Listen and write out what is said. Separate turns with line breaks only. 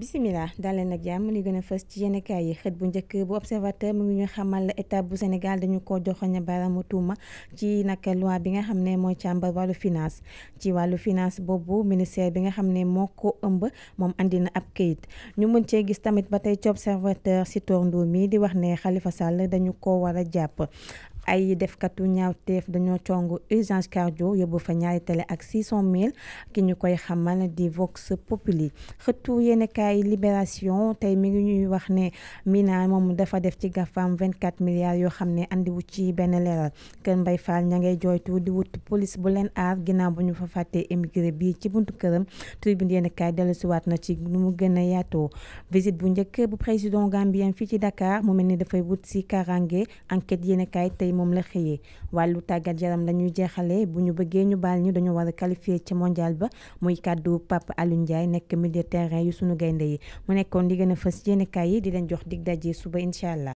bisimila dalee nag jàmm li gën a fës ci yenekaay yi xët bu njëkk bu observateur mu ngi ñu xamal état bu Sénégal dañu ko joxoñ baramu tuuma ci nag loi bi nga xam ne mooy càmbar wàllu finance ci wàllu finance boobu ministère bi nga xam ne moo ko ëmb moom andi na ab kayit ñu mën cee gis tamit ba tey ci observateur si tourndu mii di wax ne xalifa Sall dañu ko war a jàpp ay defkatu ñaawteef dañoo cong urgence cardio yóbbu fa ñaari télé ak 600 000 ki ñu koy xamal di Vox Populi xëtu yéenekaay Libération tey mi ngi ñuy wax ne Mina moom dafa def ci gafam 24 milliards yoo xam ne indiwu ci benn leeral kër Mbay Fall ña ngay jooytu di wut police bu leen aar ginnaaw bu ñu fa fàttee émigré bii ci buntu këram tribune yéenekaay dellusiwaat na ci nu mu gën a yaatoo visite bu njëkk bu président gambien fii ci dakaar mu mel ni dafay wut si karange enquête yéenekaay moom la xëyee wàllu tàggat yaram la ñuy jeexalee bu ñu bëggee ñu baal ñu dañu wara a qualifié ci mondial ba muy kàddu Pape Alioune Ndiaye nekk milieu terrain yu sunu gaynde yi mu nekkoon di gën a fës yéenekaay yi di leen jox dig daje suba incha allah.